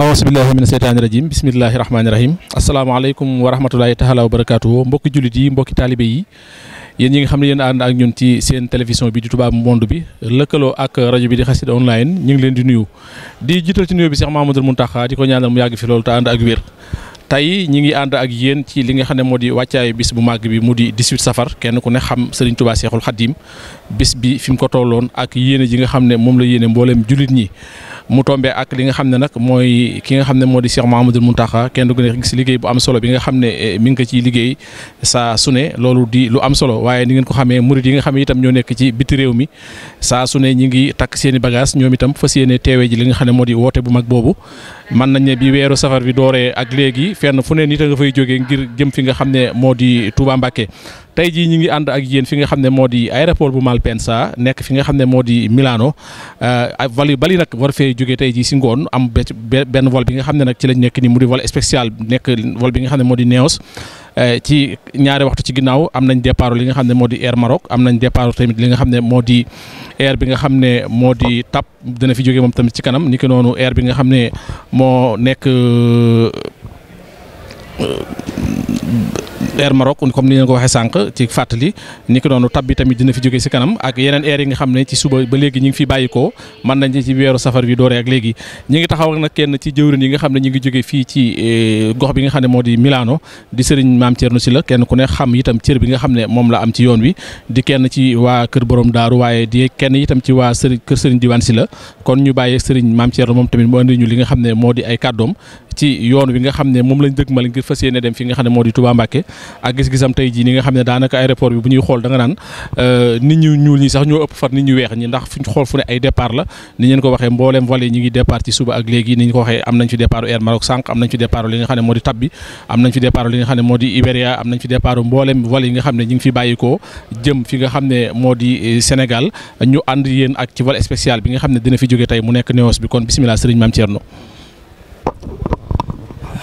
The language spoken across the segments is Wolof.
aawusu billaahi mina seytaani rajiim bismillaahi rahmaani rahiim asalaamaaleykum wa rahmatulaahi taalaa wa barakaatu mbokki jullit yi mbokki taalibe yi yéen ñi nga xam ne yéen ànd ak ñun ci seen télévision bi di Touba Monde bi lëkkaloo ak rajo bi di Xassida online ñu ngi leen di nuyu di jiital ci nuyu bi Cheikh Mamadou Mountakha di ko ñaanal mu yàgg fi loolu te ànd ak wér tey ñi ngi ànd ak yéen ci li nga xam ne moo di wàccaayu bis bu màgg bi mu di 18 safar kenn ku ne xam Serigne Touba Cheikhul Khadim bis bi fi mu ko ak yéene ji nga xam ne moom la yéene mbooleem jullit ñi mu tombee ak li nga xam ne nag mooy ki nga xam ne moo di Cheikh mu Mountakha kenn du gën a gis liggéey bu am solo bi nga xam ne eh, mi ngi ko ciy liggéey saa su ne loolu di lu am solo waaye ni ngeen ko xamee murid yi nga xam ne itam ñoo nekk ci biti réew mi saa su ne ñi ngi takk seen i ñoom itam fas yéene teewee ji li nga xam ne moo di woote bu mag boobu mën nañ ne bi weeru safar bi dooree ak léegi fenn fu ne nit a nga fay jógee ngir jëm fi nga xam ne moo di Touba Mbacké tey jii ñu ngi ànd ak yéen fi nga xam ne moo di aéroport bu Malpensa nekk fi nga xam ne moo di Milano ak euh, vol yu bari nag war fee jógee tey jii si ngoon am benn vol bi nga xam ne nag ci lañ nekk ni mu di vol spécial nekk vol bi nga xam ne moo di Neos euh, ci ñaari waxtu ci ginnaaw am nañ départ li nga xam ne moo di Air Maroc am nañ départ tamit li nga xam ne moo di air bi nga xam ne moo di TAP dina fi jóge moom tamit ci kanam niki noonu air bi nga xam ne moo nekk. Euh, air Maroc comme ni leen ko waxee sànq ci fàttali ni ko noonu tab bi tamit dina fi jóge si kanam ak yeneen air yi nga xam ne ci suba ba léegi ñu ngi fi bàyyikoo mën nañ ci weeru safar bi doore ak léegi ñi ngi taxaw nag kenn ci jëwrin yi nga xam ne ñu ngi jóge fii ci eh, gox bi nga xam ne moo di Milano di sëriñ maam Thierno Sylla kenn ku ne xam itam cër bi nga xam ne moom la am ci yoon wi di kenn ci waa kër borom daaru waaye di kenn itam ci waa sëriñ kër sëriñ diwaan Sylla kon ñu bàyyee sëriñ maam Thierno moom tamit mu andi ñu li nga xam ne moo di ay kàddoom ci yoon wi nga xam ne moom lañ dëgmal ngir fas yéene dem fi nga xam ne moo di Touba Mbacké ak gis-gisam tey jii ni nga xam ne daanaka aéroport bi bu ñuy xool da nga naan euh, nit ñu ñuul ñi sax ñoo ëpp far nit ñu weex ñi ndax fu ñu xool fu ne ay départ la ni ngeen ko waxee mbooleem vol ñu ngi départ ci suba ak léegi ni ñu ko waxee am nañ fi départ Air nga xam ne moo di tab fi départ li xam ne moo di Iberia am nañ fi départ nga xam ne ñu ngi fi bàyyikoo jëm fi nga xam ne moo di euh, Sénégal ñu ànd yéen ak ci vol spécial bi nga xam ne dina fi jóge tey mu nekk Neos bi kon bismillah sëriñ Mame Thierno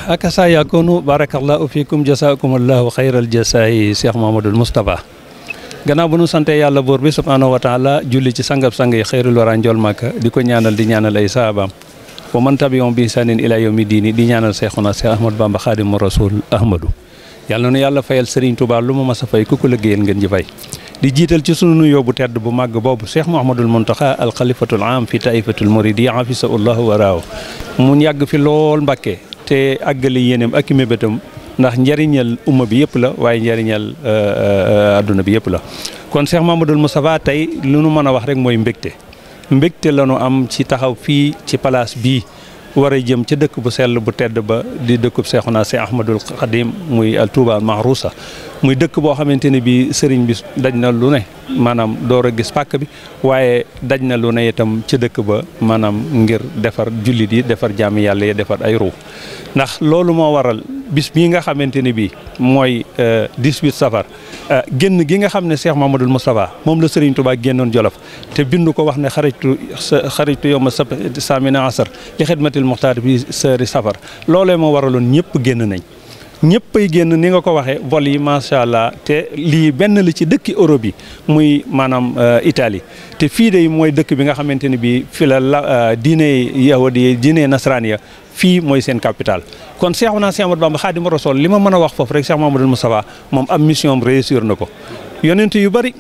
hakaza yakunu barakallahu fikum jazakumullahu xayral jazaa'i Cheikh Mouhamadoul Moustapha gannaaw bu nu sante yàlla buur bi subhaanahu wa taala julli ci sangab-sang yi xayrul wara njool di ko ñaanal di ñaanal ay saabaam wa man tabi'ahum bi ihsaanin ilaa yawmi diini di ñaanal Seexuna Seex Ahmadu Bamba Xaadimu Rasuul Ahmadu yàlla nu yàlla fayal Serigne Touba lu ma mas a fay ku ko liggéeyal ngeen ji fay di jiital ci sunu nuyoo bu tedd bu màgg boobu Cheikh Mouhamadoul Mountakha al xalifatul am fi taifatul muridiya afisaullahu waraaw mu yàgg fi te àggale yéeneem ak i mébétam ndax njariñal umma bi yëpp la waaye njariñal euh, euh, euh, adduna bi yëpp la kon ma Cheikh Mamadou Moustapha tey lu nu mën a wax rek mooy mbégte mbégte la nu am ci taxaw fii ci palaas bii war a jëm ca dëkk bu sell bu tedd ba di dëkkub Seexuna si Ahmadul Xadim muy al Touba al Mahrousa muy dëkk boo xamante ne bii sëriñ bi daj na lu ne maanaam door a gis pàkk bi waaye daj na lu ne itam ca dëkk ba maanaam ngir defar jullit yi defar jaami yàlla yi defar ay ruux ndax loolu moo waral bis bii nga xamante ni bii mooy 18 euh, safar euh, génn gi nga xam ne Cheikh Mamadou Moustapha moom la Serigne Touba génnoon Jolof te bindu ko wax ne xaritu xaritu yow ma sa saamina asar li xidmatil muxtaar bi sëri safar loole moo waraloon ñëpp génn nañ. ñëpp ay génn ni nga ko waxee vol yi macha allah te lii benn la ci dëkk Europe yi muy maanaam euh, Italie te fii de mooy dëkk bi nga xamante ne bii fi la la diine yahudi diine nasaraan ya fii mooy seen capital kon Seexuna Seex Ahmadu Bamba Xaadimu Rasuul li ma mën a wax foofu rek Seex Mamadou Moustapha moom am mission réussir na ko yonent yu bari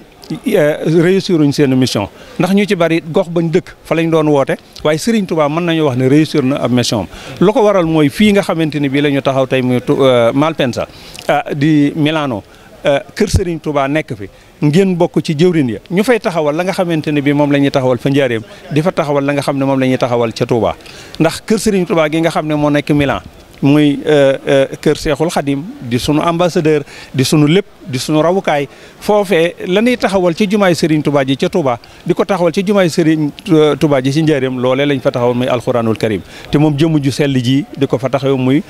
eh, réussir uñ seen mission ndax ñu ci bari gox bañ dëkk fa lañ doon woote waaye Serigne tubaa mën nañu wax ne réussir na am mission am lu ko waral mooy fii nga xamante ni bii la taxaw tey muy eh, Malpensa eh, di Milano kër sëriñ tubaa nekk fi ngeen bokk ci jëwrin ya ñu fay taxawal la nga xamante ne bi moom la ñuy taxawal fa njaareem di fa taxawal la nga xam ne moom lañuy taxawal ca Touba ndax kër Serigne Touba gi nga xam ne moo nekk Milan muy euh, euh, kër Seexul Xadim di sunu ambassadeur di sunu lépp di sunu rawukaay foofee la ñuy taxawal ci jumaay Serigne Touba ji ca Touba di ko taxawal ci jumaay Serigne euh, Touba ji ci njëriñam loole lañ fa taxawal muy alxuraanul karim te moom jëmm ju sell ji di ko fa taxaw muy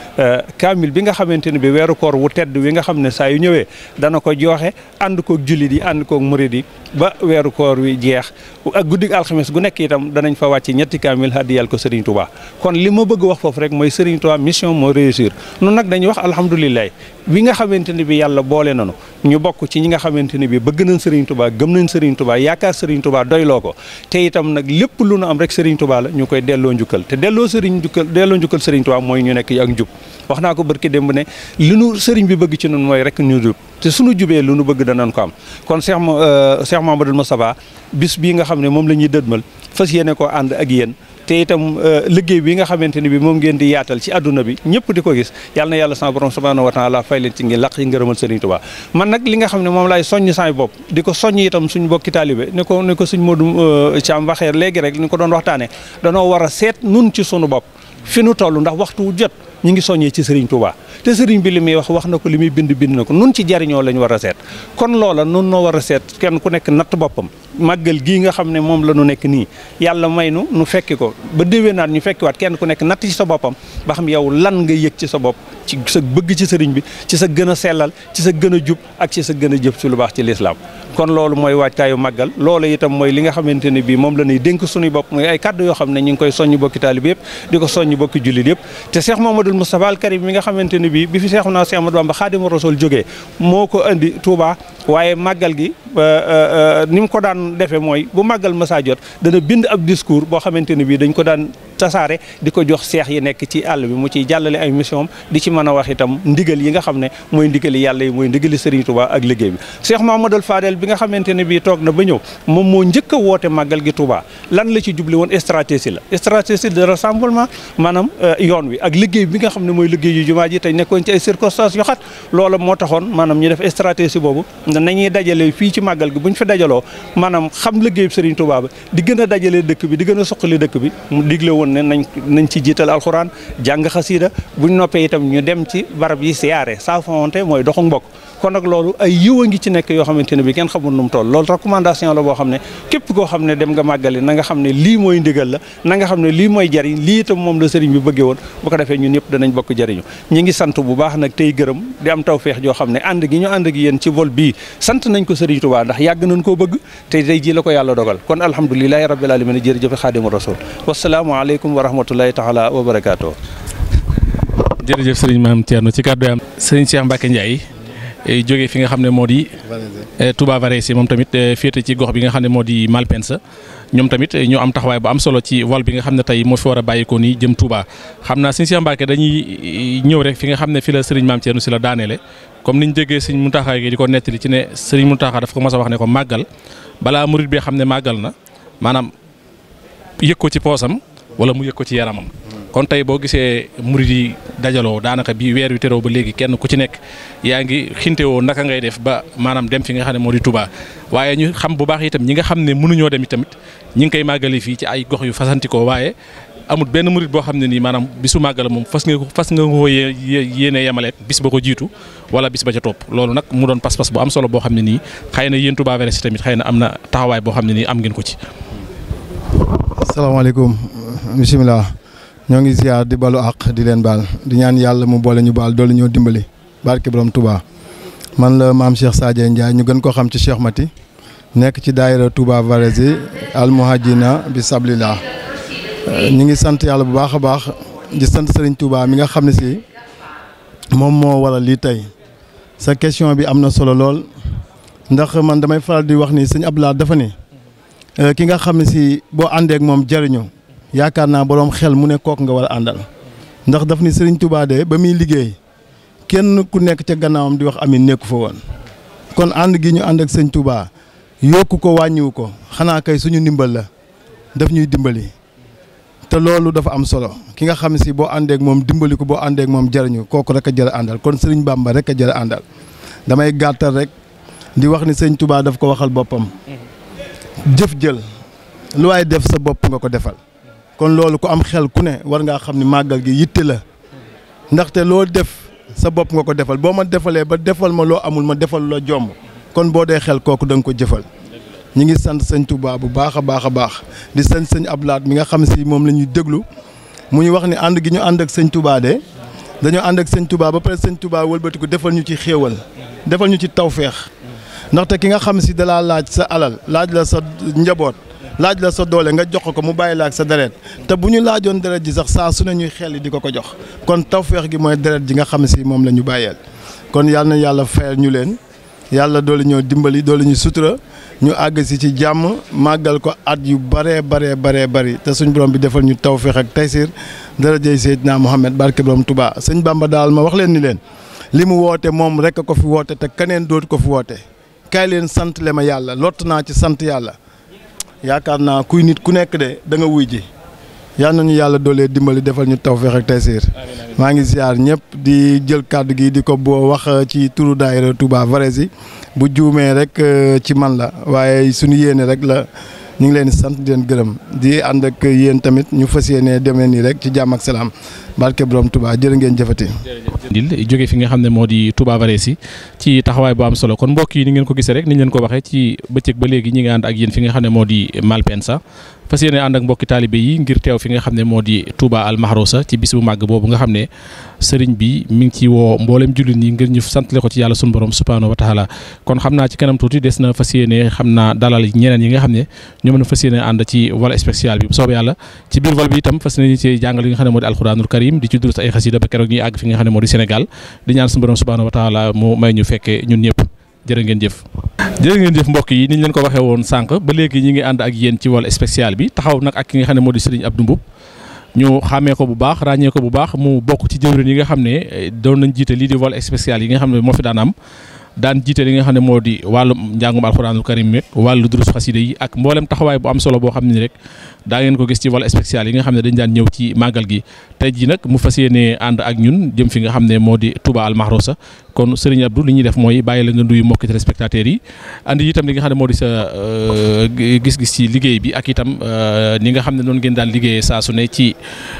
kaamil bi nga xamante ne bi weeru koor wu tedd wi nga xam ne saa yu ñëwee dana ko joxe ànd koog jullit yi ànd koog murid di ba weeru koor wi jeex ak guddig alxames gu nekk itam danañ fa wàcc ñetti kaamil haddiyal ko Serigne Touba kon li ma wax foofu rek mooy Serigne mission moom moo réussir nun nag dañuy wax alhamdulilah bi nga xamante ne bi yàlla boole nanu ñu bokk ci ñi nga xamante ne bi bëgg nañ Serigne Touba gëm nañ Serigne tubaa yaakaar Serigne tubaa doyloo ko te itam nag lépp lu nu am rek Serigne tubaa la ñu koy delloo njukkal te delloo Serigne njukkal delloo njukkal Serigne Touba mooy ñu nekk ak njub wax naa ko barki démb ne li nu Serigne bi bëgg ci nun mooy rek ñu jub te suñu jubee lu nu bëgg danañ ko am kon Cheikh euh, Cheikh Mamadou Moustapha bis bii nga xam ne moom la ñuy dëdmal fas yéene koo ànd ak yéen te itam euh, liggéey bi nga xamante ni bi moom ngeen di yaatal ci àdduna bi ñëpp di ko gis yàlla na yàlla sama borom subhanahu wa taala fay leen ci ngi laq yi ngërëmal sëriñ Tuubaa man nag li nga xam ne moom laay soññ saay bopp di ko soññ itam suñ bokki taalibe ni ko ni ko suñ Modou euh, Thiam waxee léegi rek ni ko doon waxtaane danoo war a seet nun ci suñu bopp fi nu toll ndax waxtu wu jot ñu ngi soññee ci sëriñ Touba te sëriñ bi li muy wax wax na ko li muy bind bind na ko nun ci jariñoo lañ war a seet kon loola nun noo war a seet kenn ku nekk natt boppam màggal gii nga xam ne moom la ñu nekk nii yàlla may nu nu fekki ko ba déwénaat ñu fekkiwaat kenn ku nekk natt ci sa boppam ba xam yow lan nga yëg ci sa bopp ci sa bëgg ci sëriñ bi ci sa gën a sellal ci sa gën a jub ak ci sa gën a jëf ci lu baax ci lislaam kon loolu mooy waajtaayu màggal loolu itam mooy li nga xamante ne bii moom la ñuy dénk suñuy bopp muy ay kàddu yoo xam ne ñu ngi koy soññ bokki taalib yëpp di ko soññ bokki jullit yëpp te Cheikh Mamadou Moustapha al Karim mi nga xamante ko andi Touba waaye màggal gi daan defee mooy bu màggal masaa jot dana bind ab discours boo xamante ne dañ ko daan tasaare di ko jox seex yi nekk ci àll bi mu ciy jàllale ay mission di ci man a wax itam ndigal yi nga xam ne mooy ndigali yàlla yi mooy ndigali Serigne Touba ak liggéey bi Cheikh Mamadou Fadel bi nga xamante ne bii toog na ba ñëw moom moo njëkk a woote màggal gi Touba lan la ci jubli woon stratégie la stratégie de rassemblement maanaam euh, yoon wi ak liggéey bi nga xam ne mooy liggéey yu jumaa ji tey nekkoon ci ay circonstances yu xat loola moo taxoon maanaam ñu def stratégie boobu nañuy dajale fii ci gi buñ fi dajaloo maanaam xam liggéeyub Serigne Touba ba di gën a dajale dëkk bi di gën a suqali dëkk bi mu digle woon ne nañ nañ ci jiital alxuraan jàng xasiida buñ noppee itam ñu dem ci barab yi siyaare saa fonte mooy doxu mbokk kon nag loolu ay yiw a ngi ci nekk yoo xamante ne bi kenn xamul nu tool toll loolu recommandation la boo xam ne képp koo xam ne dem nga màggali na nga xam ne lii mooy ndigal la na nga xam ne lii mooy jariñ lii itam moom la sëriñ bi bëggee woon bu ko defee ñun ñëpp danañ bokk jariñu ñi ngi sant bu baax nag tey gërëm di am tawfeex joo xam ne ànd gi ñu ànd gi yéen ci vol bi sant nañ ko sëriñ Tuubaa ndax yàgg nañ koo bëgg te tey ji la ko yàlla dogal kon alhamdulilahi rabbil alamin jërëjëf xaadimu rasul wasalaamu aleykum wa rahmatullahi taala wa barakaatu jërëjëf sëriñ maam Thierno ci kàddu am sëriñ Cheikh Mbacke Ndiaye jóge fi nga xam ne moo di eh, Touba Varese moom tamit eh, féete ci gox bi nga xam ne moo di Malpensa ñoom tamit eh, ñoo am taxawaay bu am solo ci wal bi nga xam ne tey moo fi a bàyyikoo nii jëm Touba xam naa Serigne Cheikh dañuy ñëw rek fi nga xam ne fi la Serigne Mame Thierno si la daaneele comme niñ déggee Serigne Mountakha gi di ko nettali ci ne Serigne Mountakha dafa ko mas a wax ne ko màggal balaa murid bi xam ne màggal na maanaam yëg ko ci poosam wala mu yëg ko ci yaramam kon tey boo gisee murid yi dajaloo daanaka bi weer wi teroo ba léegi kenn ku ci nekk yaa ngi xinte xintewoo naka ngay def ba maanaam dem fi nga xam ne moo di tubaa waaye ñu xam bu baax itam ñi nga xam ne mënuñoo dem itamit ñi ngi koy màggali fii ci ay gox yu fasantikoo waaye amul benn murid boo xam ne nii maanaam bisu màggala moom fas nga fas nga ko yéene yemaleet bis ba ko jiitu wala bis ba ca topp loolu nag mu doon pas-pas bu am solo boo xam ne nii xëy na yéen Touba Veres tamit xay na am na taxawaay boo xam ne nii am ngeen ko ci. asalaamaaleykum bisimilah. ñoo ngi ziar di balu àq di leen baal di ñaan yàlla mu boole ñu baal doolu ñoo dimbali barke borom Touba man la maam Cheikh Sadio Ndiaye ñu gën ko xam ci Cheikh Mati nekk ci daayira Touba Varese almuhajina bi sablillah euh, ñu ngi sant yàlla bu baax a baax di sant Serigne Touba mi nga xam ne si moom moo waral lii tey sa question bi am na solo lool ndax man damay faral di wax ni sëñ Abdoulaye dafa ni euh, ki nga xam ne si boo àndeek moom jëriñu yaakaar naa boroom xel mu ne kook nga war a àndal ndax daf ni sëriñ Touba de ba muy liggéey kenn ku nekk ca gannaawam di wax ami nekku fa woon kon ànd gi ñu ànd ak sëñ Touba yokk ko wàññiwu ko xanaa kay suñu ndimbal la daf ñuy dimbali te loolu dafa am solo ki nga xam si boo àndeek moom dimbali ko boo àndeek moom jariñu kooku rek a jar àndal kon baam ba rek a jar àndal damay gàttal rek di wax ni sëñ Touba daf ko waxal boppam mm-hmm. jëf lu waay def sa bopp nga ko defal kon loolu ko am xel ku ne war ngaa xam ni màggal gi yitte la ndaxte loo def sa bopp nga ko defal boo ma defalee ba defal ma loo amul ma defal la jomb kon boo dee xel kooku danga ko jëfal ñi ngi sant sëñ tubaa bu baax a baax a baax di sant sëñ Ablaat mi nga xam si moom la ñuy déglu mu ñu wax ni ànd gi ñu ànd ak sëñ tubaa de dañoo ànd ak sëñ tubaa ba pare sëñ Touba wëlbatiku defal ñu ci xéewal defal ñu ci tawféex ndaxte ki nga xam si dalaa laaj sa alal laaj la sa njaboot laaj la sa doole nga jox ko mu bàyyi la ak sa deret te bu ñu laajoon dereet ji sax saa su ne ñuy xel di ko ko jox kon tawféex gi mooy deret ji nga xam si moom lañu ñu bàyyeel kon yal na yàlla fayal ñu leen yàlla doole ñoo dimbali doole ñu sutura ñu àgg si ci jàmm màggal ko at yu baree baree baree bari te suñ borom bi defal ñu tawféex ak taysir darajay Seydina Mohamed barki borom Touba sëñ Bamba daal ma wax leen ni leen li mu woote moom rek ko fi woote te keneen dootu ko fi woote kaay leen sant le ma yàlla lott naa ci sant yàlla. yaakaar naa kuy nit ku nekk de da nga wuy ji yal nañu yàlla doolee dimbali defal ñu tawfeex ak taysiir maa ngi ziar ñëpp di jël kàddu gi di ko boo wax euh, ci turu daayira Touba Varese bu juumee rek euh, ci man la waaye suñu yéene rek la ñu ngi leen sant di gërëm di ànd ak yéen tamit ñu fas yéene demee nii rek ci jàmm ak salaam barke borom Touba jërë ngeen jëfati jóge fi nga xam ne moo di Touba Varese ci taxawaay bu am solo kon mbokk yi ni ngeen ko gisee rek ni ñu leen ko waxee ci bëccëg ba léegi ñi nga xam ne moo di Malpensa fas yéene ànd ak mbokki taalibe ci bis bu màgg boobu nga xam ne sëriñ bi mi ngi ci woo mboolem jullit ñi ngir ñu santale ko ci yàlla sunu borom subhaanahu wa taala kon xam naa ci kanam tuuti des na fas yéene xam naa dalal ñeneen yi nga xam ne ñoom na fas yéene ànd ci vol spécial bi bu soobee yàlla karim di ci durus ay xasida ba keroog ñuy àgg fi nga xam ne moo di Sénégal di ñaan suñu borom subhaanahu wa taala mu may ñu fekkee ñun ñëpp jërë ngeen jëf jërë ngeen jëf mbokk yi ni ñu leen ko waxee woon sànq ba nga xam ne moo di Serigne ko bu baax ràññee ko bu baax mu bokk ci jëwrin yi nga xam ne eh, doon nañ jiite lii di vol spécial yi nga xam ne moo fi daan am daan jiite li nga xam ne moo di wàllum njàngum alxuraanul karim rek wàllu durus xaside yi ak mboolem taxawaay bu am solo boo xam ne rek daa ngeen ko gis ci vol spécial yi nga xam ne dañ daan ñëw ci màggal gi tey ji nag mu fas yéene ànd ak ñun jëm fi nga xam ne moo di Touba Al Mahrousa kon Serigne Abdou li ñu def mooy bàyyi la nga mokki mbokki téléspectateurs yi andi itam li nga xam ne moo di sa euh, gis-gis ci liggéey bi ak itam euh, ni nga xam ne noonu ngeen daan liggéeye saa su ne ci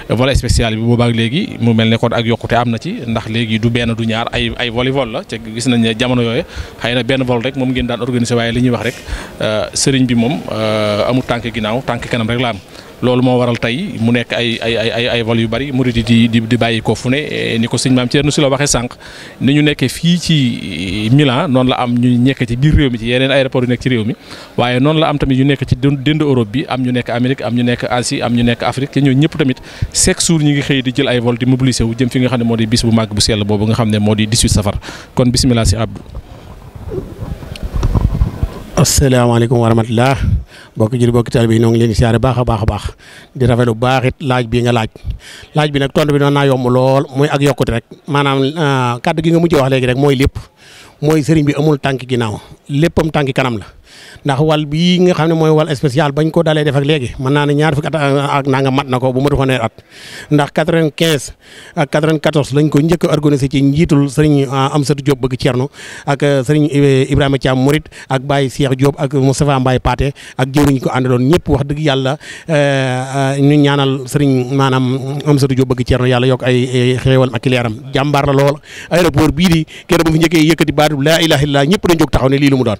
vol spécial bi boobaak léegi mu mel ne ko ak yokkute am na ci ndax léegi du benn du ñaar ay ay voli vol la te gis nañ ne jamono yooyu xëy na benn vol rek moom ngeen daan organiser waaye li ñuy wax rek euh, Serigne bi moom amul tànk ginnaaw tànk kanam rek loolu moo waral tey mu nekk ay ay ay ay vol yu bari murid di di di bàyyi ko fu ne e, ni ko sëñ maam Thierno si la waxee sànq ni ñu nekkee fii ci e, Milan noonu la am ñu nekk ci biir réew mi ci yeneen aéroport yu nekk ci réew mi waaye noonu la am tamit ñu nekk ci dënd Europe bi am ñu nekk Amérique am ñu nekk Asie am ñu nekk Afrique te ñooñu ñëpp tamit chaque jour ñu ngi xëy di jël ay vol di mobiliser wu jëm fi nga xam ne moo di bis bu màgg bu sell boobu nga xam ne moo di 18 safar kon bismillah asalaamaaleykum wa rahmatulah mbokki jur mbokki taalibe bi ñoo ngi leen di siyaare baax a baax a baax di rafetlu bu baax it laaj bi nga laaj laaj bi nag tontu bi doon naa yomb lool muy ak yokkute rek maanaam ah, kàddu gi nga mujj wax léegi rek mooy lépp mooy sëriñ bi amul tànk ginnaaw léppam tànk kanam la. ndax wal bii nga xam ne mooy wal spécial bañ ko dalee def ak léegi mën naa ne ñaar fukki at ak naa nga mat na ko bu matu fanweer at ndax 95 ak 94 lañ ko njëkk a organisé ci njiitul sëriñ ah, Amsatou Diop bëgg Thierno ak euh, sëriñ euh, Ibrahima Thiam Mouride ak Baye Cheikh Diop ak Moustapha Mbaye Paté ak jëwriñ ko àndaloon ñëpp wax dëgg yàlla euh, ñu ñaanal sëriñ maanaam Amsatou Diop bëgg Thierno yàlla yok ay xéewal ak leeram jàmbaar la lool aéroport bii di keroog bu fi njëkkee yëkkati baatu laa ilaha illallah ñëpp dañ jóg taxaw ne lii lu mu doon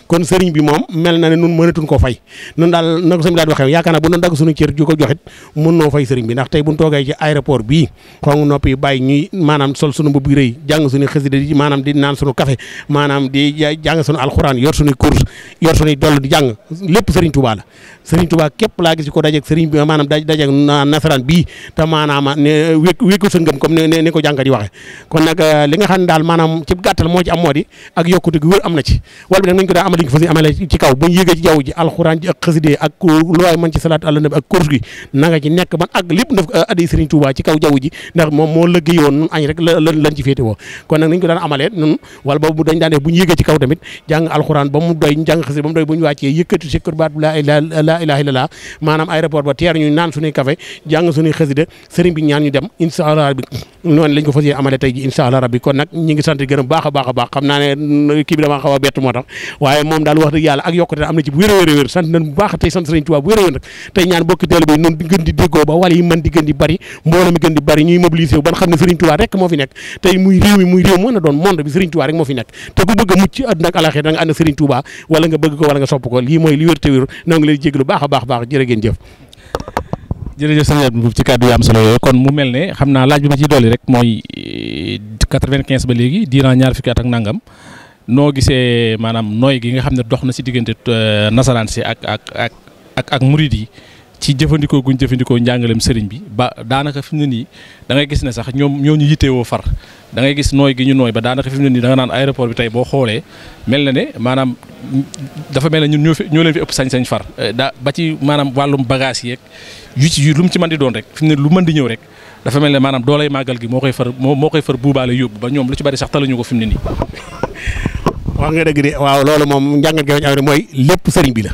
kon sëriñ bi moom mel na ne nun mënatuñ koo fay nun daal na ko sëñ bi daal di waxee yaakaar naa bu doon dagg suñu cër ju ko joxit mën noo fay sëriñ bi ndax tey buñ toogee ci aéroport bii xong noppi bàyyi ñuy maanaam sol suñu mbubb yu rëy jàng suñu xasida di maanaam di naan suñu alxuraan yor suñu cours yor suñu doll di jàng lépp sëriñ Touba la sëriñ Touba képp laa gis ko dajeeg sëriñ bi maanaam dajeeg nasaraan bii te maanaam ne wékk wékku sa ngëm comme ni ko jàngat yi waxee kon nag nga xam ne daal maanaam ci gàttal moo am moo di ak yokkute na ci liñ fas amale ci kaw bañ moo lëggéey woon nun añ rek lañ ci féete woo kon nag nañ ko daan ba mu doy jàng xaside ba mu doy bu ñu wàccee yëkkati si kër baat laa ilaha illallah maanaam aéroport ba teer ñu naan suñuy café jàng suñuy xaside sëriñ bi ñaan ñu dem incha allah rabbi ko fas yéene amale tey kon nag ñi ngi sant gërëm baax a baax a baax xam naa ne kii bi bett moo tax waaye moom daal wax dëgg yàlla ak yokkute am na ci bu wér a wér a wér sant nañ bu baax tey sant Sëriñ Tuubaa bu wér wér tey ñaan bokki teel bi noonu gën di déggoo ba wala yi mën di gën di bari mbooloo mi gën di bari da mooy li wér te wér noo ngi leen baax a baax baax jërë ngeen jëf jërëjëf sëñ Abdou Mboup ci kàddu yu am solo yooyu kon mu mel ne xam naa laaj bi ma ciy dolli rek mooy euh, quatre-vingt-quinze ba léegi diiran ñaar fukki ak nangam noo gisee maanaam nooy gi nga xam ne dox na si diggante euh, nasaraan si ak ak ak ak ak murid yi ci jëfandikoo guñ jëfandikoo njàngaleem sëriñ bi ba daanaka fi mu ne nii da ngay gis ne sax ñoom ñoo ñu yitteewoo far dangay gis nooy gi ñu nooy ba daanaka fi ne nii da nga naan aéroport bi tey boo xoolee mel na ne maanaam dafa mel ne ñun ñoo fi ñoo leen fi ëpp sañ-sañ far euh, da ba ci maanaam wàllum bagage yeeg yu ci yu lu mu ci mën di doon rek fi ne lu mën di ñëw rek dafa mel ne maanaam doolay màggal gi moo koy far moo koy far buubaale yóbbu ba ñoom lu ci bari sax taluñu ko fi mu ne wax nga dëgg de waaw loolu moom njàngat gi mooy lépp sëriñ bi la.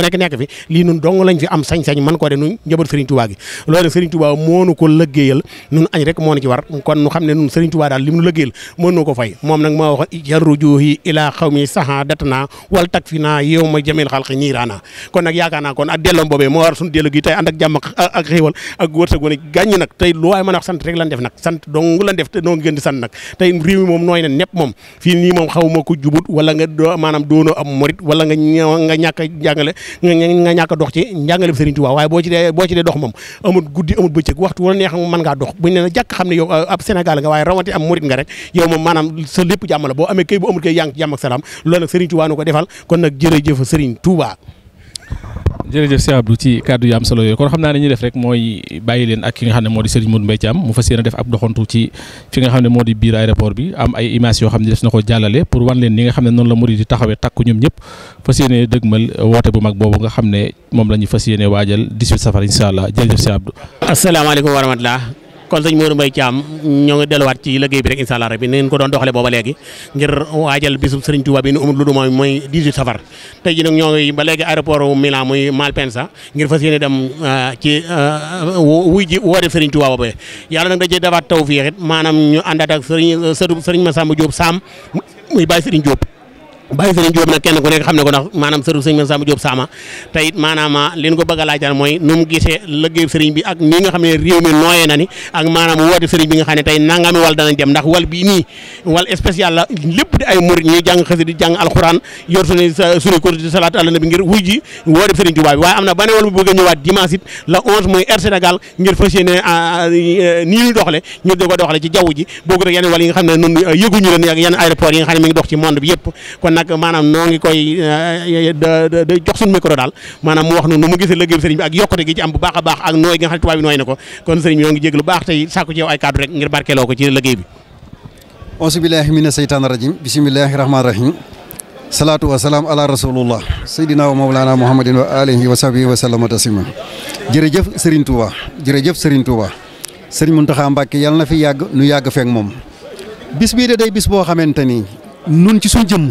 ku nekk nekk fi lii nun dong lañ fi am sañ-sañ man koo de nun njëbat Serigne Touba gi loolu nag Serigne Touba moonu ko lëggéeyal nun añ rek moo nu ci war kon nu xam ne nun Serigne Touba daal li mu lëggéeyal mën nu ko fay moom nag maa war suñu dellu gi tey ànd ak jàmm ak ak wërsëg woon gàññi nag tey lu waaye mën a sant rek lan def nag sant dong def noo gën sant nag tey réew moom nooy ne nepp moom fii nii moom xawma ko jubut wala nga maanaam doonoo am morit wala nga ñàkk a nga ñàkk a dox ci njàngaleb Serigne Touba waaye boo ci dee boo ci dee dox moom amul guddi amul bëccëg waxtu wala neex mën ngaa dox buñ ne na xam ne euh, ab Sénégal nga waaye rawati am murit nga rek yow moom maanaam sa lépp jàmm la boo amee kay bu amul kay yaa ngi ci jàmm ak salaam loolu nag Serigne Touba nu ko defal kon nag jërëjëf Serigne Touba jërëjëf Cheikh Abdou ci kàddu yu am solo yooyu kon xam naa ne ñuy def rek mooy bàyyi leen ak ki nga xam ne moo di Serigne Modou Mbaye Thiam mu fas yéene def ab doxantu ci fi nga xam ne moo di biir aéroport bi am ay images yoo xam ne def na ko jàllale pour wan ni nga xam ne noonu la murid di taxawee takku ñoom ñëpp fas yéene dëgmal woote bu mag boobu nga xam ne moom la ñu fas yéene waajal 18 safar incha allah jërëjëf Cheikh Abdou. asalaamaaleykum wa rahmatulah. kon sëñ Modou Mbaye Thiam ñoo ngi delluwaat ci liggéey bi rek incha allah rabbi ni ngeen ko doon doxalee booba léegi ngir waajal bisub Serigne Touba bi nu umul lu du mooy mooy 18 safar tey ji nag ñoo ngi ba léegi aéroport Milan muy Malpensa ngir fa yéene dem euh, ci euh, wuy ji woote Serigne Touba be yàlla nag da cee defaat taw fii it maanaam ñu àndaat ak Serigne sëtu Serigne Massamba Diop Sam muy Baye Serigne Diop bàyyi sëriñ Diop nag kenn ku nekk xam ne ko ndax maanaam sëriñ sëriñ Massamba Diop Sama te ah, ko bëgg a laajal mooy nu mu gisee liggéey sëriñ bi ak nii nga xam ne réew mi nooyee na ni ak maanaam woote sëriñ bi nga xam ne tey nangami wal danañ dem ndax wal bii nii wal spécial la lépp di ay murit ñuy jàng xasida jàng alxuraan yor suñu suñu ko di salaatu àla nabi ngir wuy ji woote sëriñ Tuubaa bi waaye am na beneen wal bu bëgg a ñëwaat dimanche la ah, ah, 11 nag maanaam noo ngi koy eh, eh, da jox suñu micro maanaam mu wax nu nu mu gisee liggéey sëriñ bi ak yokkute gi ci am bu a baax ak nooy gi na ko kon sëriñ bi ñoo ngi jéglu baax tey sàkku ci yow ay kàddu rek ngir barkeeloo ko ci liggéey bi auzubillahi mina seytaani rajim bismillahi rahmaani rahim wa salaam ala rasulullah wa mawlana muhammadin wa alihi wa sahbihi wa sallama na fi yàgg nu yàgg feek moom bis bii de day bis boo xamante ni nun ci suñ jëmm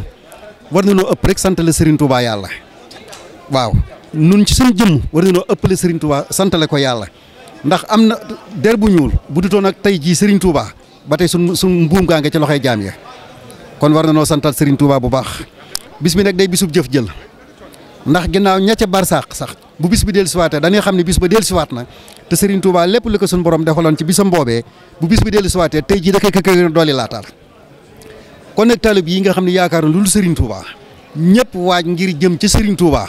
war na noo ëpp rek santale Serigne Touba yàlla waaw nun ci suñ jëmm war na noo ëppale sëriñ Touba santale ko yàlla ndax am na der bu ñuul bu dutoon ak tey jii sëriñ Touba ba tey suñ suñ mbuum gaa nga ci loxoy jaam ya kon war na noo santal Serigne Touba bu baax bis bi nag day bisub jëf jël ndax ginnaaw ña ca barsàq sax bu bis bi dellusiwaatee dañuy xam ne bis ba dellusiwaat na te Serigne Touba lépp li ko suñu borom defaloon ci bisam boobee bu bis bi dellusiwaatee tey jii da koy kër laataal kon nag taalib yi nga xam ne yaakaar na lu dul Serigne Touba ñëpp waaj ngir jëm ci Serigne Touba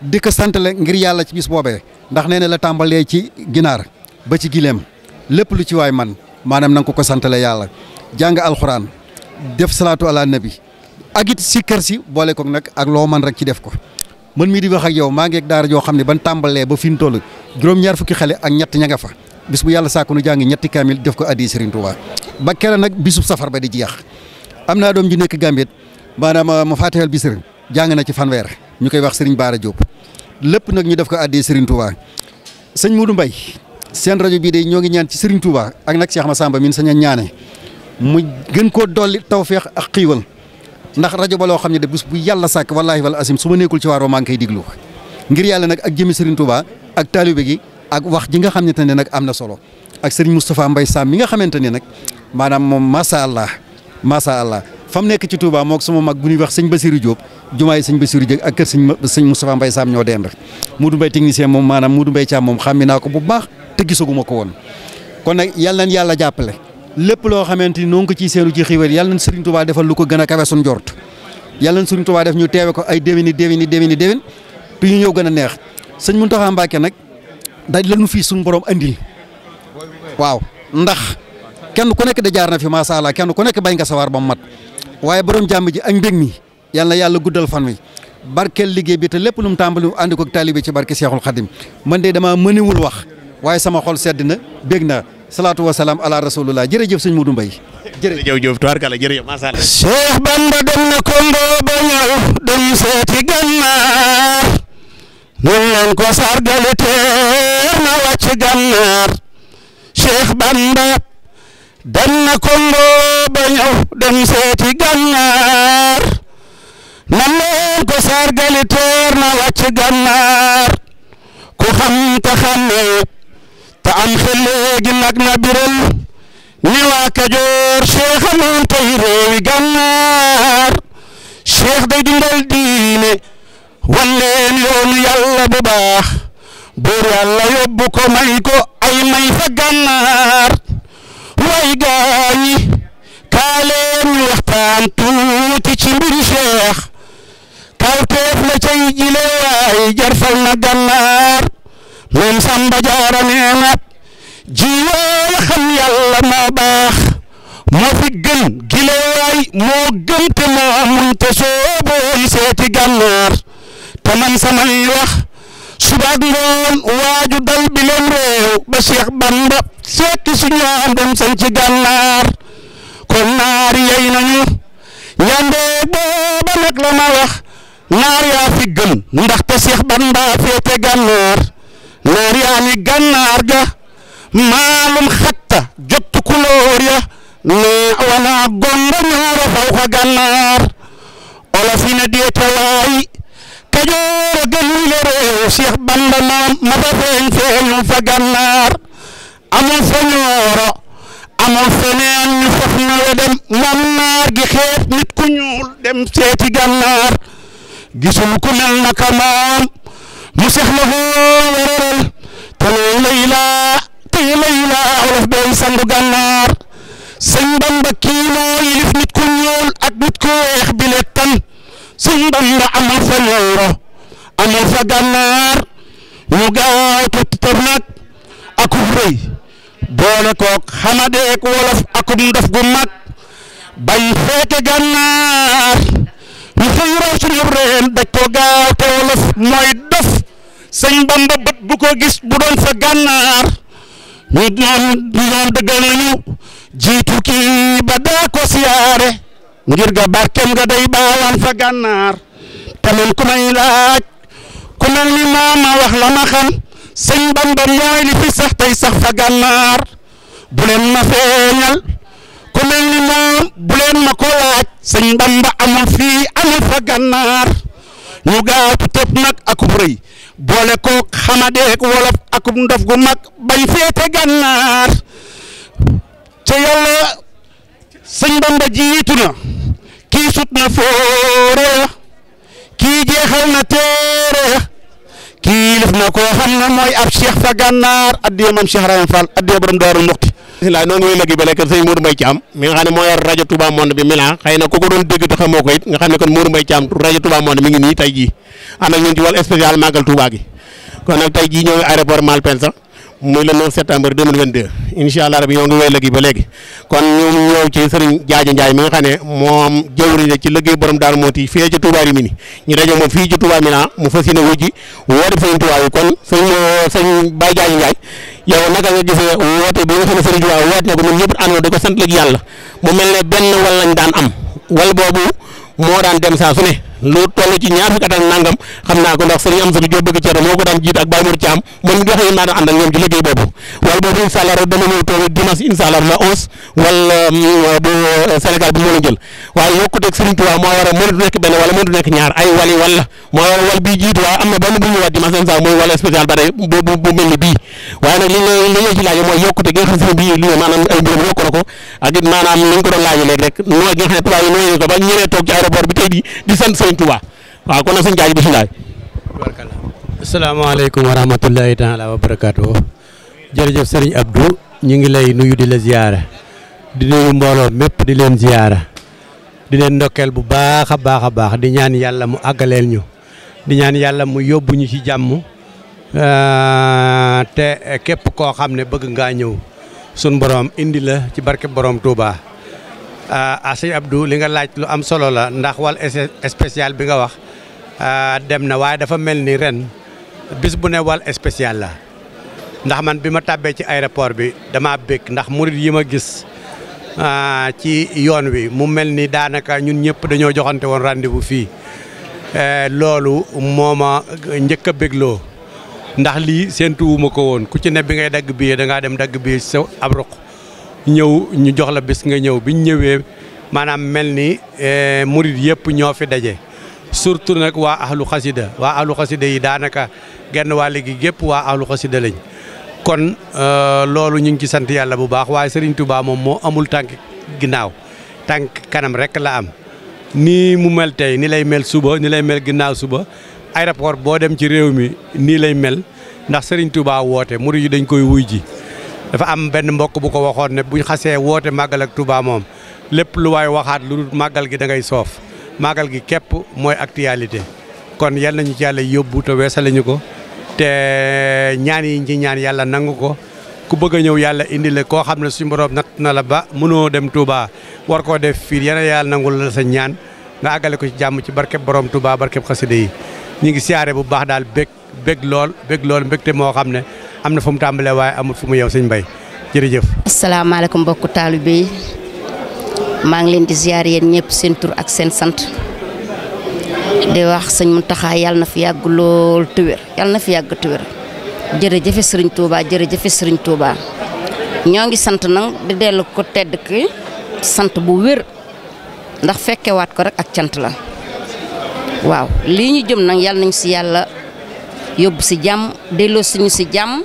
di ko santale ngir yàlla ci bis boobee ndax nee na la tàmbalee ci ginaar ba ci gileem lépp lu ci waay man maanaam na nga ko santale yàlla jàng alxuraan def salaatu ala nabi ak si kër si boole koog nag ak loo man rek ci def ko. man mii di wax ak yow maa ngi ak joo xam ne ban tàmbalee ba fi mu toll juróom-ñaar fukki xale ak ñett ña nga fa bis bu yàlla saako nu jàng ñetti kaamil def ko addi Serigne ba keroog nag bisub safar ba di jeex. am naa doom ju nekk Gambie maanaam uh, mu fàtteel bi sëriñ jàng na ci fanweer ñu koy wax Serigne Bara Diop lépp nag ñu def ko àddee Serigne Touba sëñ Modou mbay seen rajo bii de ñoo ngi ñaan ci Serigne Touba ak nag Cheikh Massamba min sañ a ñaane mu gën koo dolli tawféex ak xiiwal ndax rajo ba loo xam ne de bés bu yàlla sàkk wallaahi wal asim su ma nekkul ci waaroo maa ngi koy yàlla nag ak jëmi Serigne Touba ak taalibe gi ak wax ji nga xamante ne nag am na solo ak Serigne Moustapha Mbaye Sam mi nga xamante ne nag maanaam moom macha allah macha allah fa mu nekk ci Touba moog sama mag bu ñuy wax sëñ Basirou Diop jumaay sëñ Basirou Diop ak kër sëñ sëñ Moustapha Mbaye Sam ñoo dend Modou Mbaye technicien moom maanaam Modou Mbaye Thiam moom xàmmi naa ko bu baax te gisaguma ko woon kon nag yàlla nañ yàlla jàppale lépp loo xamante ni noon ngi ko ciy seenu ci xiwél yàlla nañ Serigne Touba defal lu ko gën a kawe suñ jort yàlla nañ Serigne def ñu teewe ko ay déwéni déwéni déwéni déwén te ñu ñëw gën a neex sëñ Mountakha Mbacké nag dañ lañu fii suñu borom andil kenn ku nekk da jaar na fi macha allah kenn ku nekk bay nga sawaar ba mu mat waaye borom jàmm ji ak mbég mi yal na yàlla guddal fan wi barkeel liggéey bi te lépp lu mu tàmbali ànd ko taalibe ci barke Seexul Xadim man de damaa mëniwul wax waaye sama xol sedd na bég na salaatu wa salaam ala rasulullah jërëjëf sëñ Modou Mbaye. jërëjëf jërëjëf tubaarkalla jërëjëf macha allah. Cheikh Bamba dem na Kombo ba ñëw dem seeti gannaar nun leen ko sargale teer na wàcc gannaar Cheikh Bamba. dem na Congo ba ñëw dem seeti gannaar nan ko sargali teer na gannaar ku xam te xàmme am xel léegi nag ni waa Kajoor Cheikh amoon tey réewi gannaar Cheikh day dundal diine wan leen yoonu yàlla bu baax buur yàlla ko may ko ay may fa gannaar way gaay yi kaa waxtaan tuuti ci mbiri Cheikh kawteef la cay jile waay jar fal na gannaar men Samba Jaara nee na ji xam yàlla moo baax moo fi gën gile waay moo gën moo amun te soo seeti gannaar te samay wax subaak ngoon waaju dal bi leen réew ba Cheikh Bamba seeti suñu dem sañ ci gànnaar kon naar yey nañu njànde booba nag la ma wax naar yaa fi gën ndaxte Seex Bamba féete gànnaar naar yaa ni gànnaar ga maalum xatta jot kulóor ya ne wana gonga ñoora faw xa gànnaar olof yi ne déete waay Kajoor a gën wi le réew Seex ma fa feeñ feeñu fa gànnaar amul fa ñooro amul feneen gi xeet nit ku ñuul dem seeti gànnaar gisul ku mel naka moom mu sex la foo waral te layla tey layla olof day sangu gànnaar sëñ Bamba kii moo yilif nit ku ñuul ak nit ku weex bi le tan sëñ Bamba amul fa ñooro amul fa gànnaar ñu gaaw te boole koog xamadeek wolof akum ndof gu mag bay feete gànnaar ñu xëy raw suñu reen daj ko gaaw te wolof mooy dof sëñ Bamba bët bu ko gis bu doon fa gànnaar ñu ñoom ñoom dëggal jiitu kii ba daa ko siyaare ngir ga barkeem nga day baawaan fa gànnaar te man laaj ku mel ni maama wax la ma xam sëñ Bamba mooy fi sax tey sax fa gànnaar bu ma feeñal ku mel ni moom ma ko laaj sëñ Bamba amul fii amul fa gànnaar ñu gaaw tëb nag akub rëy boole koog xamadeeg wolof akub ndof gu mag bañ féete gànnaar ca yàlla sëñ Bamba jiitu na kii sut na foore kii jeexal na teere yilif na koo xam ne mooy ab cheikh fa gànnaar addiyee mam cheikh rayam fall addiyee borom daaru muxti bisimilah noonu lay léegi ba léegi sëñ Mourou Mbaye mi nga xam ne moo yor rajo Touba Monde bi Milan xëy na ku ko doon dégg te xamoo ko it nga xam ne kon Mourou Mbaye Thiam rajo Touba Monde mi ngi nii tey jii ànd ak ñun ci wàllu spécial màggal Touba gi kon nag tey jii ñoo ngi aéroport Malpensa muy le 9 septembre 2022 incha allah rabi ñoo ngi wéy léegi ba léegi kon ñu ñëw ci sëriñ Jaaja Njaay mi nga xam ne moom jëwriñ la ci liggéey borom Daaru Mooti fii ci Touba Rimini ñu daje moom fii ci Touba Mina mu fas yéene wujji woote sëriñ Touba yi kon sëñ euh, sëñ Baye Jaaja Njaay yow naka nga gisee woote bi nga xam ne sëriñ Touba woote na ko ñun ñëpp àndoo di ko sant léegi yàlla mu mel ne benn wal lañ daan am wal boobu moo daan dem saa su ne lu toll ci ñaar fukki at ak nangam xam naa ko ndax sëriñ am satu Jóob bëgg Ceerno moo ko daan jiit ak Baye Mor Thiam moom mi nga xam ne naa daan ànd ak ñoom ci liggéey boobu wala boobu mm, euh, euh, la waaye yokkuteeg a a am na benn bu ñëwaat dimanche incha allah mooy wala spécial ba tey bu bu mel ni bii waaye nag li nga li nga ci laajee mooy yokkute gi nga xam sëriñ bi li maanaam ay mbiram yokku na ko ak it maanaam ni ko doon laajee léeg-léeg noo gi xam ne toog ci aéroport bi tey di di sant Sëriñ Tuubaa waaw kon nag sëñ Jaaji bisimilah. asalaamaaleykum wa rahmatulahi ñu ngi lay nuyu di la ziyaara di nuyu mbooloo mépp di leen ziyaara di leen ndokkeel bu baax a baax a baax di ñaan yàlla mu àggaleel ñu di ñaan yàlla mu yóbbu ñu ci jàmm te képp koo xam ne bëgg ngaa ñëw sun boroom indi la ci barke borom Touba. ah euh, sëñ Abdou li nga laaj lu am solo la ndax wal spécial bi nga wax euh, dem na waaye dafa mel ni ren bis bu ne wal spécial la ndax man bi ma tàbbee ci aéroport bi damaa bëgg ndax murit yi ma gis euh, ci yoon wi mu mel ni daanaka ñun ñëpp dañoo joxante woon rendez bu fii loolu moo njëkk a bégloo ndax lii séentuwuma ko woon ku ci ne bi ngay dagg billet dangaa dem dagg billet sa ab ruq ñëw ñu jox la bis nga ñëw bi ñu ñëwee maanaam mel ni eh, murit yëpp ñoo fi daje surtout nag waa ahlu xasida waa ahlu xasida yi daanaka genn waa léegi gépp waa ahlu xasida lañ kon eh, loolu ñu ngi ci sant yàlla bu baax waaye Serigne Touba moom moo amul tànk ginnaaw tànk kanam rek la am nii mu mel tey ni lay mel suba ni lay mel ginnaaw suba aéroport boo dem ci réew mi nii lay mel ndax Serigne Touba woote murit yi dañ koy wuy ji dafa am benn mbokk bu ko waxoon ne buñ xasee woote màggal ak Touba moom lépp lu waay waxaat lu dul màggal gi da ngay soof màggal gi képp mooy actualité kon yal nañu ci yàlla yóbbu te weesale ñu ko te ñaan yi ci ñaan yàlla nangu ko ku bëgg a ñëw yàlla indile koo xam ne su mboroom natt na la ba mënoo dem Touba war koo def fii yeneen na yàlla nangul la sa ñaan nga àggale ko ci jàmm ci barkeb borom Touba barkeb xasida yi ñu ngi siyaare bu baax daal bég bég lool bég lool mbégte moo xam ne am na fu mu tàmbalee waaye amul fu mu yow sëñ Mbay jërëjëf. asalaamaaleykum mbokku taalibe maa ngi leen di ziar yéen ñëpp seen tur ak seen sant di wax sëñ taxaa yàlla na fi yàgg lool te wér yàlla na fi yàgg te wér jërëjëf sëriñ Touba jërëjëf sëriñ Touba ñoo ngi sant nag di dellu ko tedd ki sant bu wér ndax fekkewaat ko rek ak cant la waaw lii ñu jëm nag yàlla nañ si yàlla yóbbu si jàmm delloo suñu si jàmm.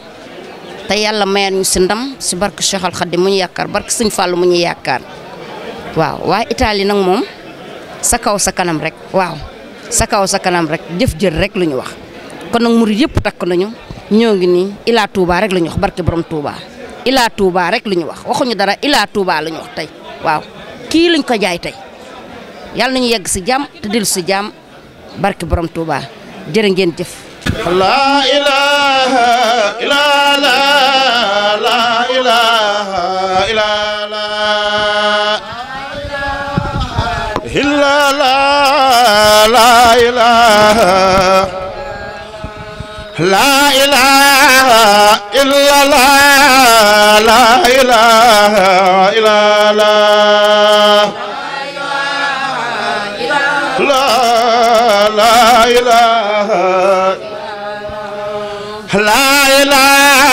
te yàlla mayal ñu si ndam si barke Cheikh Al Khadim mu ñu yaakaar barke Sëñ Fàllu mu ñu yaakaar waaw waaye Italie nag moom sa kaw sa kanam rek waaw sa kaw sa kanam rek jëf jël rek lu ñu wax kon nag murid yëpp takk nañu ñoo ngi nii Ila Touba rek la ñu wax barke borom Touba Ila Touba rek lu ñu wax waxuñu dara ilaa Touba la ñu wax tey waaw kii lañ ko jaay tey yàlla nañu yegg si jàmm te dellu si jàmm barke borom Touba jërë ngeen jëf. لا إله إلا لا لا إله إلا لا إلا لا لا إله لا إله إلا لا لا إله إلا لا لا إله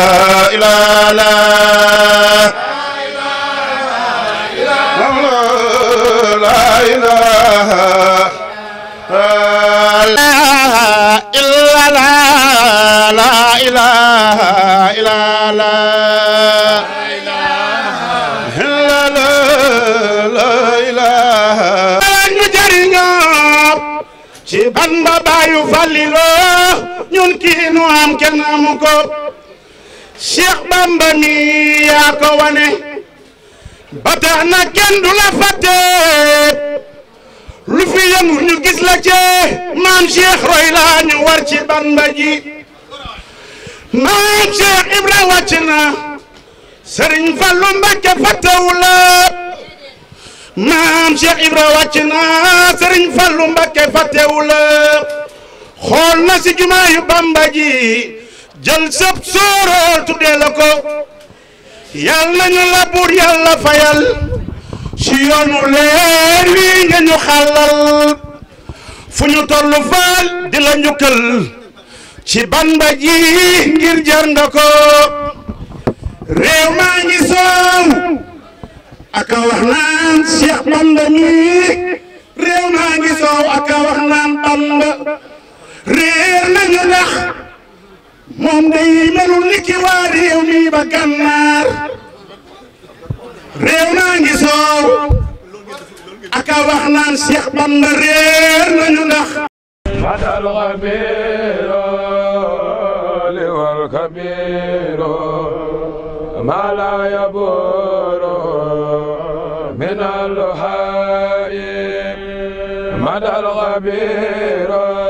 إله إلا لا لا إله إلا لا إلا لا لا إله ci ban ba bayu falilo ñun kii nu am kenn amu ko Cheikh Bamba mi yaa ko wane ba na kenn du la fàtte lu fi yëngu ñu gis la ci maam Cheikh roy la ñu war ci Bamba ji maam Cheikh Ibra wàcc na Serigne Fallou Mbacké fàttewu la maam Cheikh Ibra wàcc na Serigne Fallou Mbacké fàttewu la xool na si jumaa Bamba ji jël sab sóoróor tuddee la ko yàlla nañu la buur yàlla fayal ci yoonu leer wi nga ñu xàllal fu ñu toll faal di la njukkal ci bamba ji ngir jar nga ko réew maa ngi soow aka wax naan Cheikh Bamba mi réew maa ngi soow aka wax naan Bamba réer nañu ndax moom day melul ni ki waa réew mi ba gànnaar réew naa ngi soow aka wax naan Cheikh Bamba réer nañu ndax matal xabiro li wal kabiro ma la yaboro min al hayy matal xabiro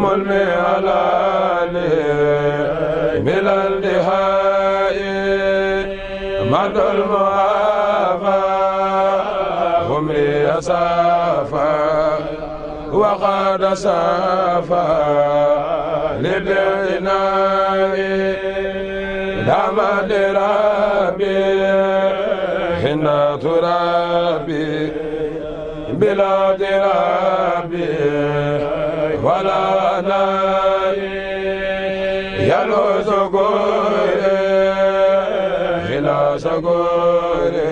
ملمي على من الدهاء مد المعافى هم يسافى وقد سافى لبعناء دام درابي حين ترابي بلا درابي wala nabi yalo sogore hila sogore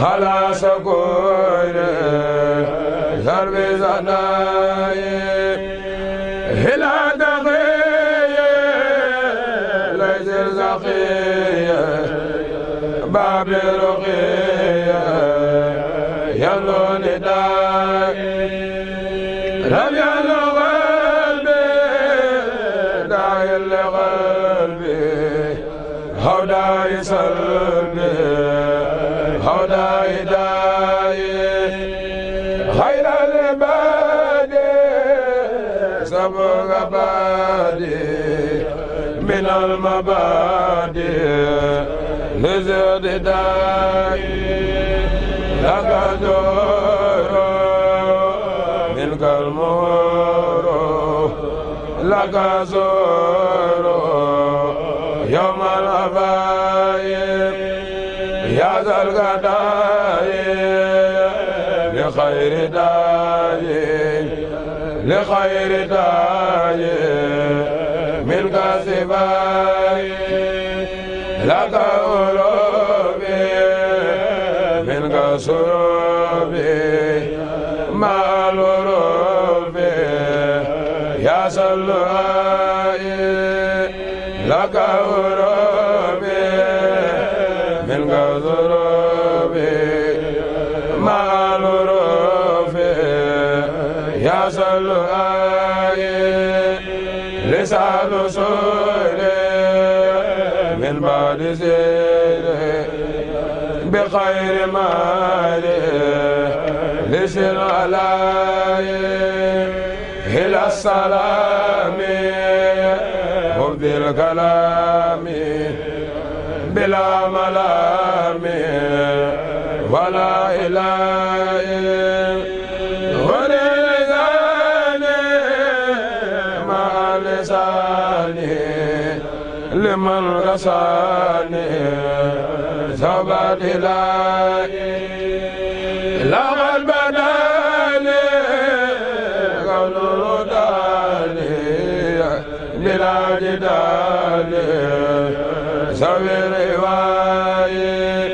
hala sogore zarbe zanaye hila dagiye lajir zakiye babi rukiye yalo nidaye ويسر به هدى هداية خير العباد سبق بادي من المبادئ لزد داي لك دور منك المور لك زور يوم الأبد والغداء لخير داي لخير داي من كاسباي لك قلوبي من كسروبي مع الوروبي يا صلوائي لك قلوبي تسولي من بعد سيري بخير مالي لشن علي إلى السلام وفد الكلام بلا ملام ولا إله من غساني زبد لاي لغل بداني قول رداني بلا جدال سوي رواي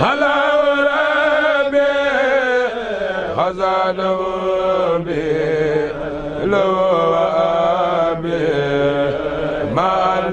هلا وربي خزانه بي لو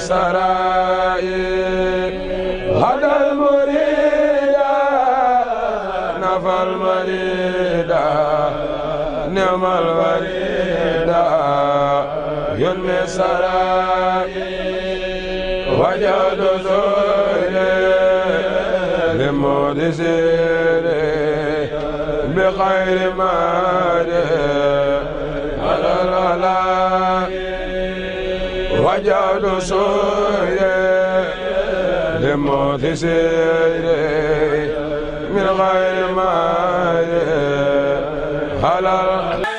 سرائي هدى المريد نفى المريد نعم الوريد ينمي سرائي وجد زوري لمود سيري بخير مالي على العلاقي وجعل سيري لموت سيري من غير ما هلال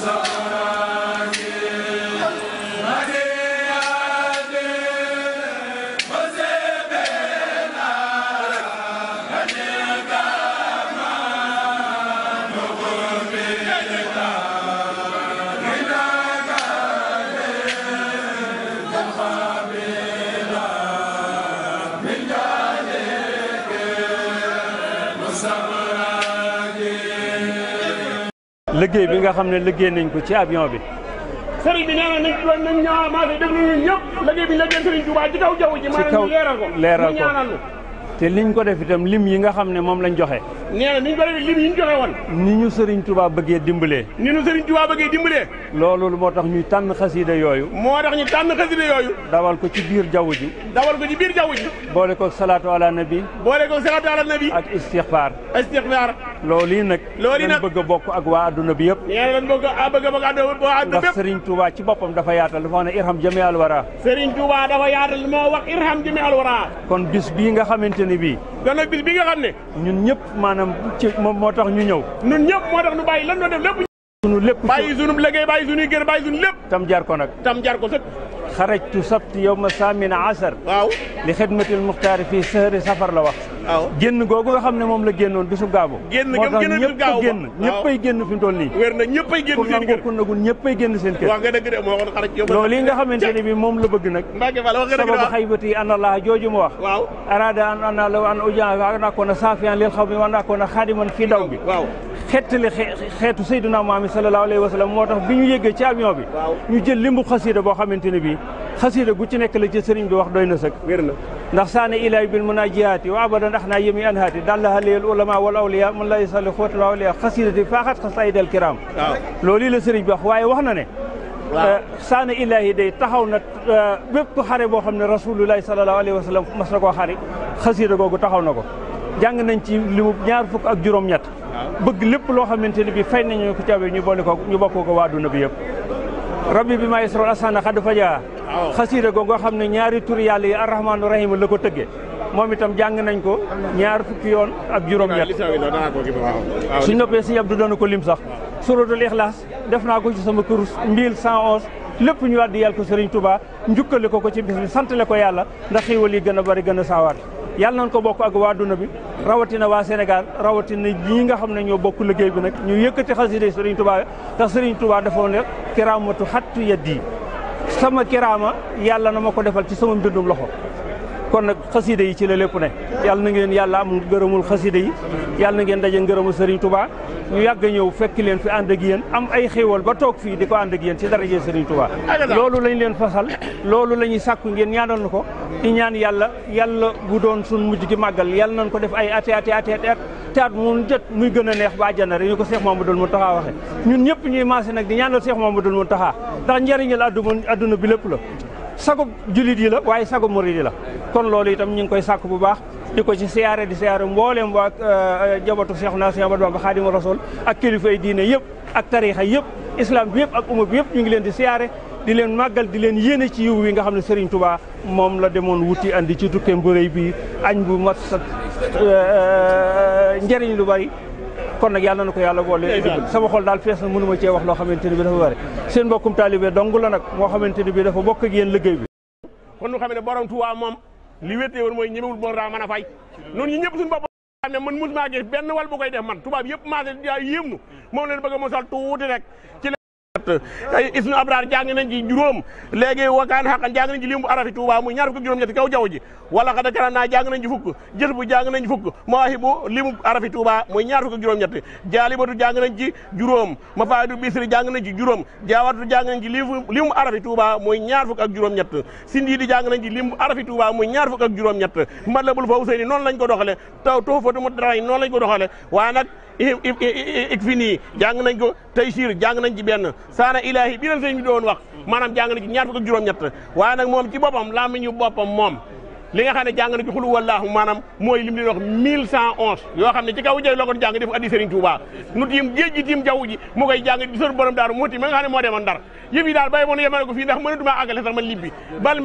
sa liggéey bi nga xam ne liggéey nañ ko ci avion bi. sëriñ bi nee na nañ doon nañ ñaa maa ngi déglu ñun ñëpp liggéey bi ñu sëriñ Touba ji. kaw leeral ko maanaam ñu ko te liñ ko def itam lim yi nga xam ne moom lañ joxe. nee na niñ bëri lim yi ñu joxe woon ni ñu sëriñ Touba bëggee dimbalee ni ñu sëriñ Touba bëggee dimbalee loolu moo tax ñuy tànn xasida yooyu moo tax ñu tànn xasida yooyu dawal ko ci biir jaww ji dawal ko ci biir jaww ji boole ko salaatu ala nabi boole ko salaatu ala nabi ak istixfaar istixfaar loolu yi nag loolu yi nag bëgg bokk ak waa adduna bi yëpp nee na dañ bëgg a ah bëgg a bokk adduna bi yëpp ndax sëriñ Touba ci boppam dafa yaatal dafa wax ne irham jami al wara sëriñ Touba dafa yaatal moo wax irham kon bis bii nga xamante ni bii doon na bis bi nga xam ne. ñun ñëpp maanaam moom moo tax ñu ñëw. ñun ñëpp moo tax ñu bàyyi lan doon def lépp. sunu lépp bàyyi sunu liggéey bàyyi sunuy gën bàyyi sunu lépp. tam jaar ko nag. tam jaar ko sëkk. xarajtu sabti yow ma saamina asar. waaw li xidmatil muxtaar fii sahri safar la wax. waaw génn googu nga xam ne moom la génnoon bisu gaabu génn gam gën a génn ñëppay génn fi mu nii wér na ñëppay génn seen kër génn seen kër loolu yi nga xamante bi moom la bëgg nag sababu xaybati an mu wax waaw arada an ana law an a lil xaw mi wa nakkoon a xaadiman fii daw bi xettali xeetu sayduna maami sallallahu alayhi moo tax bi ñu yëggee ci avion bi ñu jël limbu xasida boo xamante ne xasida gu ci nekk la ci sëriñ bi wax doy na sëkk wér na ndax saane ilaay bil munaajiyaati wa abadan ax naa yëmi anhaati dalla haliyal ulama wal awliya mun lay salli xóotul awliya xasidati faaxat xas ay del kiraam waaw loolu la sëriñ bi wax waaye wax na ne eh, saana ilaahi day taxaw na eh, bépp xare boo xam ne rasulullahi sallallahu alayhi wa sallam mas na koo xari xasida googu taxaw na ko jàng nañ ci limu ñaar fukk ak juróom-ñett bëgg lépp loo xamante ne bi fay nañu ko cawe ñu boole ko ñu bokk ko waa duna bi yëpp rabbi bi maa yasroon asana xad faja xasiida go nga xam ne ñaari tur yàlla yi arrahmaanu rahima la ko tëgge moom itam jàng nañ ko ñaar fukki yoon ak juróom-ñett suñ noppee si Abdou doon ko lim sax suratul ixlaas def naa ko ci sama kërus mille cent onze lépp ñu wàddi yàll ko Sëriñ Tuubaa njukkale ko ko ci bis bi santale ko yàlla ndax xiiwal yi gën a bari gën a saawaat yàlla nañ ko bokk ak waa duna bi rawatina waa Sénégal rawatina ñi nga xam ne ñoo bokk liggéey bi nag ñu yëkkati xasida Serigne Touba tax Serigne Touba dafa ne kiraamatu xattu yaddi sama kiraama yàlla na ma ko defal ci sama mbindum loxo kon nag xasida yi ci la lépp ne yàlla na ngeen yàlla am ngërëmul xasida yi yàlla na ngeen daje ngërëmul Serigne Touba ñu yàgg a ñëw fekk leen fi ànd ak yéen am ay xéewal ba toog fii di ko ànd ak yéen ci daraje Serigne Touba loolu lañ leen fasal loolu la ñuy sàkku ngeen ñaanal na ko di ñaan yàlla yàlla bu doon sun mujj gi màggal yàlla nañ ko def ay ati ati ati ati taat mun jot muy gën a neex ba àjjana rek ñu ko Cheikh Mamadou Mountakha waxe ñun ñëpp ñuy maase nag di ñaanal Cheikh Mamadou Mountakha ndax njëriñal adduna adduna bi lépp la sagub jullit yi la waaye sagub murid yi la kon loolu itam ñu ngi koy sàkk bu baax di ko ci siyaare di siyaare mboolem waa euh, jabatu Seexuna Seex Ahmadu Bamba Xaadimu Rasuul ak kilifa yi diine yëpp ak tariixa yëpp islaam bi yëpp ak umma bi yëpp ñu ngi leen di siyaare di leen màggal di leen yéene ci yiw wi nga xam ne Serigne Touba moom la demoon wuti andi ci tukkeem bu rëy bi añ bu mat sa euh, njëriñ lu bari kon nag yàlla na ko yàlla boole sama xol daal fees na mënu cee wax loo xamante ni bi dafa bari seen mbokkum taalibe dong la nag moo xamante ni bi dafa bokk ak liggéey bi kon nu xam ne borom Tuubaa moom li wéttee woon mooy ñemewul bon raa mën a fay noonu ñu ñëpp suñu bopp xam ne a tuuti rek isnu abraar jàng nañ ci juróom léegi wakaan xaqan jàng nañ ci limbu arafi tuuba muy ñaar fukk juróom ñetti kaw jaww ji wala xada karan naa jàng nañ ci fukk jës bu jàng nañ ci fukk mawaahibu limu arafi tuuba muy ñaar fukk juróom ñetti jaalibatu jàng nañ ci juróom mafaadu bisri jàng nañ ci juróom jaawatu jàng nañ ci limu arafi tuuba muy ñaar fukk ak juróom ñett sindiidi jàng nañ ci limu arafi tuuba muy ñaar fukk ak juróom ñett matlabul fawsayni noonu lañ ko doxale taw tofatu mu darañ noon lañ ko doxale waa nag ik fi nii jàng nañ ko Taysiir jàng saana ilaahi bi leen doon wax maanaam jàng nañ ci ñaar fukk ak juróom-ñett waaye nag moom ci boppam làmmiñu boppam moom li nga xam ne jàng na ci xulu mille cent onze yoo xam ne ci kaw jëy la ko jàng def addi nu tiim géej gi tiim jaww mu koy jàng di sor borom daaru muuti ma nga xam ne moo demoon ndar yëf yi daal bàyyi moon yemale ko fii ndax man lim bal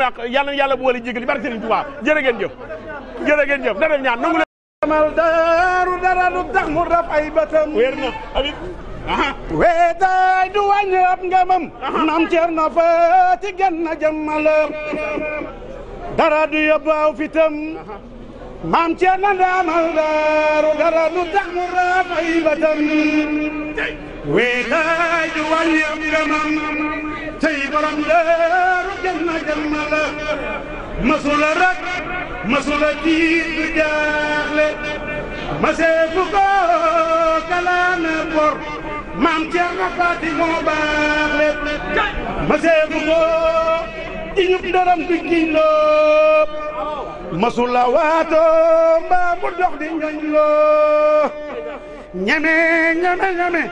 ma du dara du tax mu raf ay bëtam. weer na amit. weetaay du wàññi ab ngamam. maam Thierno fa ci genn jëmmala. dara du yóbbu aw fitam. maam Thierno ndaamal daaru dara du tax mu raf ay bëtam. weetaay du wàññi ab ngamam. tey borom daaru genn jëmmala. masula rak masula tiit du jaaxle. ma seefu kalaana bor maam Cerno Faati moo baax lépp ma seefu ko iñub daram du jiñ loo masula waatoo mbaa mu dox di ñoñ loo ñeme ñeme ñeme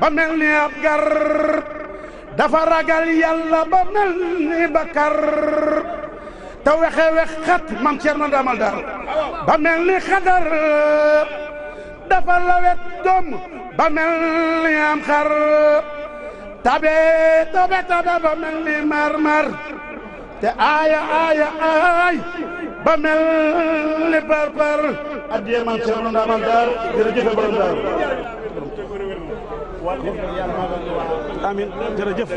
ba mel ni ab gar dafa ragal yàlla ba mel ni bakar te wexe wex xat mam Cerno Ndamal Daaru ba mel ni xadar dafa lawet ba mel ni am xar tabe tabe tabe ba mel ni marmar te aaya aaya aay ba mel ni parpar addiye mam Cerno Ndamal Daaru jërëjëf borom Daaru amin jërëjëf